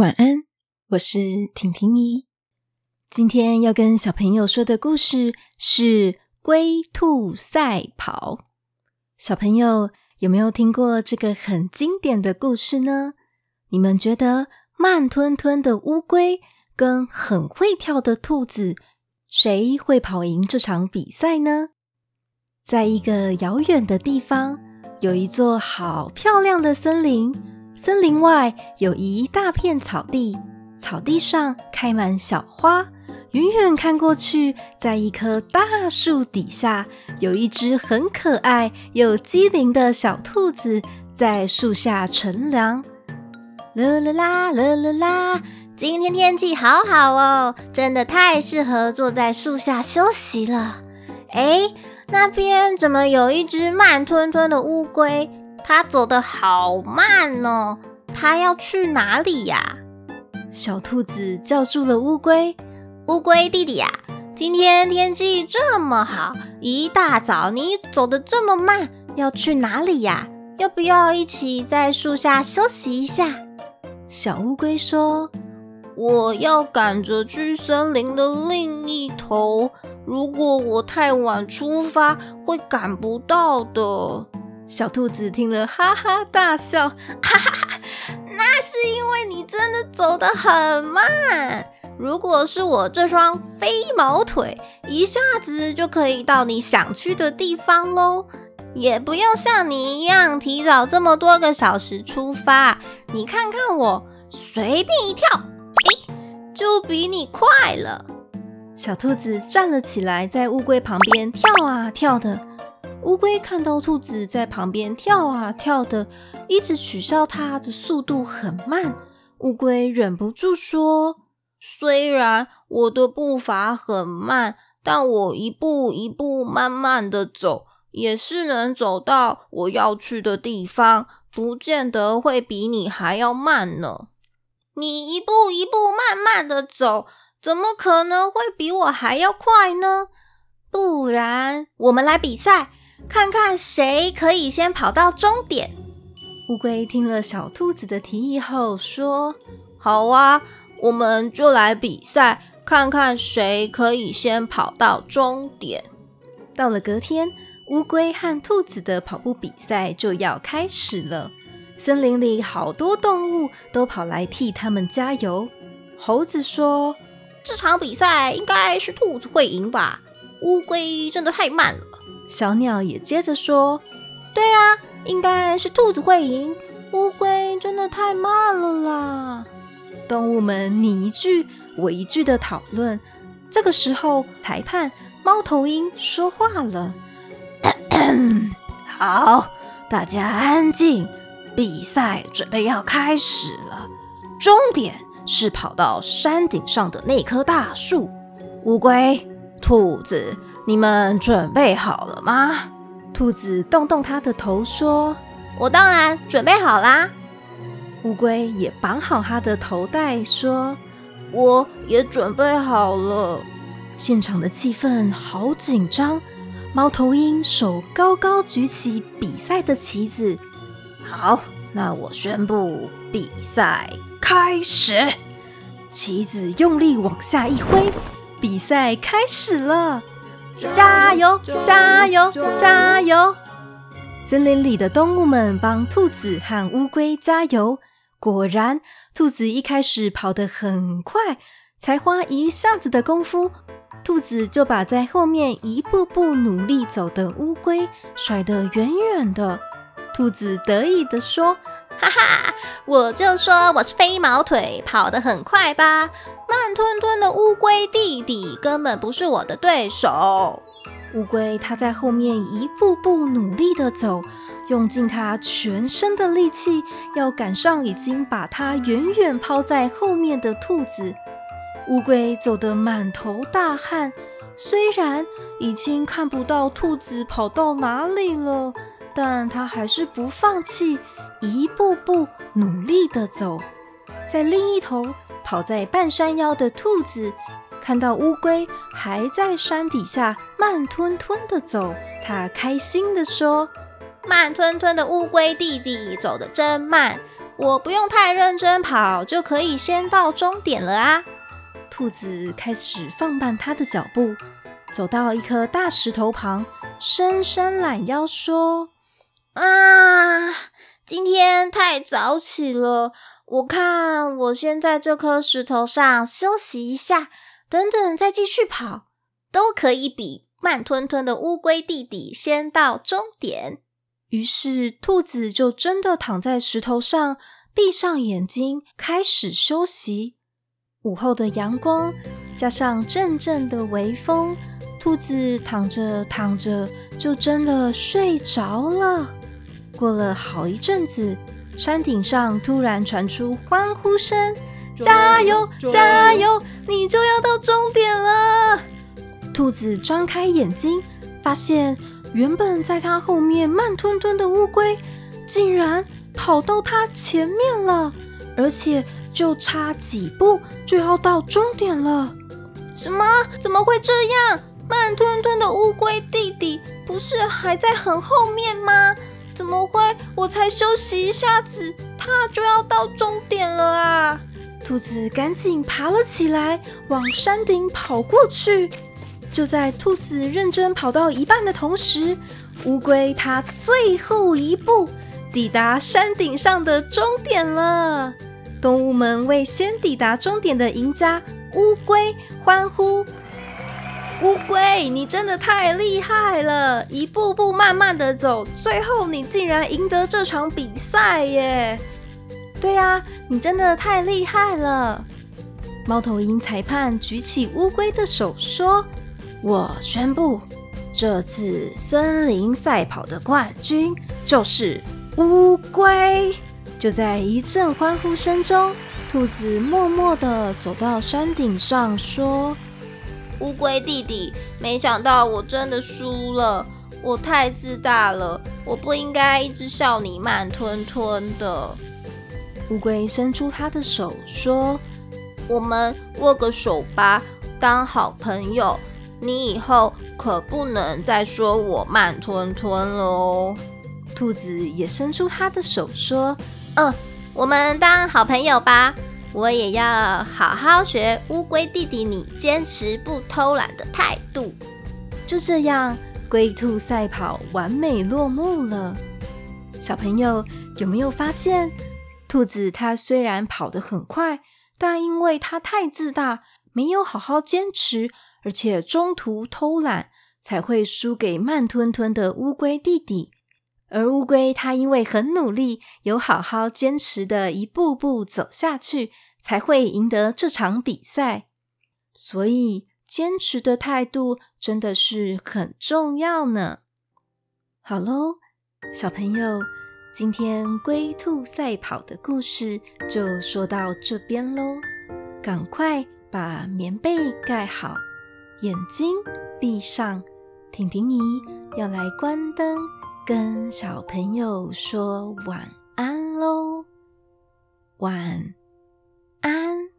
晚安，我是婷婷姨。今天要跟小朋友說的故事是《龜兔賽跑》。小朋友有沒有聽過這個很經典的故事呢？你們覺得慢吞吞的烏龜跟很會跳的兔子，誰會跑贏這場比賽呢？在一個遙遠的地方，有一座好漂亮的森林。森林外有一大片草地，草地上開滿小花。遠遠看過去，在一棵大樹底下，有一隻很可愛又機靈的小兔子在樹下乘涼。啦啦啦啦啦啦！今天天氣好好哦，真的太適合坐在樹下休息了。哎，那邊怎麼有一隻慢吞吞的烏龜？它走的好慢哦，它要去哪裡呀？小兔子叫住了烏龜：“烏龜弟弟呀，今天天氣這麼好，一大早你走的這麼慢，要去哪裡呀？要不要一起在樹下休息一下？”小烏龜說：“我要趕着去森林的另一頭，如果我太晚出發，會趕不到的。”小兔子聽了，哈哈大笑，哈哈哈！那是因為你真的走得很慢。如果是我這雙飛毛腿，一下子就可以到你想去的地方嘍，也不用像你一樣提早這麼多個小時出發。你看看我，隨便一跳，哎，就比你快了。小兔子站了起來，在烏龜旁邊跳啊跳的。烏龜看到兔子在旁邊跳啊跳的，一直取笑它的速度很慢。烏龜忍不住說：“雖然我的步伐很慢，但我一步一步慢慢的走，也是能走到我要去的地方，不見得會比你還要慢呢。你一步一步慢慢的走，怎麼可能會比我還要快呢？不然，我們來比賽。”看看誰可以先跑到終點。烏龜聽了小兔子的提議後說：“好啊，我們就來比賽，看看誰可以先跑到終點。”到了隔天，烏龜和兔子的跑步比賽就要開始了。森林裡好多動物都跑來替他們加油。猴子說：“這場比賽應該是兔子會贏吧？烏龜真的太慢了。”小鳥也接着說：“對啊，應該是兔子會贏，烏龜真的太慢了啦。”動物們你一句我一句的討論。這個時候，裁判貓頭鷹說話了。“咳咳，好，大家安靜，比賽準備要開始了。終點是跑到山頂上的那棵大樹。烏龜，兔子。”你們準備好了嗎？兔子動動它的頭說：“我當然準備好啦。”烏龜也綁好它的頭帶說：“我也準備好了。”現場的氣氛好緊張。貓頭鷹手高高舉起比賽的旗子，好，那我宣布比賽開始。旗子用力往下一揮，比賽開始了。加油！加油！加油！森林裡的動物們幫兔子和烏龜加油。果然，兔子一開始跑得很快，才花一下子的功夫，兔子就把在後面一步步努力走的烏龜甩得遠遠的。兔子得意地說，哈哈， 我就說我是飛毛腿，跑得很快吧！慢吞吞的烏龜弟弟根本不是我的對手。烏龜它在後面一步步努力地走，用盡它全身的力氣要趕上已經把它遠遠拋在後面的兔子。烏龜走得滿頭大汗，雖然已經看不到兔子跑到哪裡了。但他還是不放棄，一步步努力地走。在另一頭跑在半山腰的兔子，看到烏龜還在山底下慢吞吞地走，他開心地說：“慢吞吞的烏龜弟弟走得真慢，我不用太認真跑，就可以先到終點了啊！”兔子開始放慢它的腳步，走到一顆大石頭旁，伸伸懶腰說。啊！今天太早起了，我看我先在這顆石頭上休息一下，等等再繼續跑，都可以比慢吞吞的烏龜弟弟先到終點。於是，兔子就真的躺在石頭上，閉上眼睛開始休息。午後的陽光加上陣陣的微風，兔子躺着躺着就真的睡着了。過了好一陣子，山頂上突然傳出歡呼聲：“追加油，追加油！你就要到終點了！”兔子張開眼睛，發現原本在它後面慢吞吞的烏龜，竟然跑到它前面了，而且就差幾步就要到終點了。什麼？怎麼會這樣？慢吞吞的烏龜弟弟不是還在很後面嗎？怎麼會？我才休息一下子，牠就要到終點了啊！兔子趕緊爬了起來，往山頂跑過去。就在兔子認真跑到一半的同時，烏龜它最後一步抵達山頂上的終點了。動物們為先抵達終點的贏家烏龜歡呼。烏龜，你真的太厲害了！一步步慢慢的走，最後你竟然贏得這場比賽耶！對啊，你真的太厲害了！貓頭鷹裁判舉起烏龜的手，說：“我宣布，這次森林賽跑的冠軍就是烏龜。”就在一陣歡呼聲中，兔子默默地走到山頂上說，烏龜弟弟，沒想到我真的輸了，我太自大了，我不應該一直笑你慢吞吞的。烏龜伸出他的手說：“我們握個手吧，當好朋友。你以後可不能再說我慢吞吞嘍。”兔子也伸出他的手說：“嗯、呃，我們當好朋友吧。”我也要好好學烏龜弟弟你堅持不偷懶的態度。就這樣，龜兔賽跑完美落幕了。小朋友有沒有發現，兔子它雖然跑得很快，但因為它太自大，沒有好好堅持，而且中途偷懶，才會輸給慢吞吞的烏龜弟弟。而烏龜，它因為很努力，有好好堅持的一步步走下去，才會贏得這場比賽。所以，堅持的態度真的是很重要呢。好嘍，小朋友，今天龜兔賽跑的故事就說到這邊嘍。趕快把棉被蓋好，眼睛閉上，婷婷姨要來關燈。跟小朋友說晚安嘍，晚安。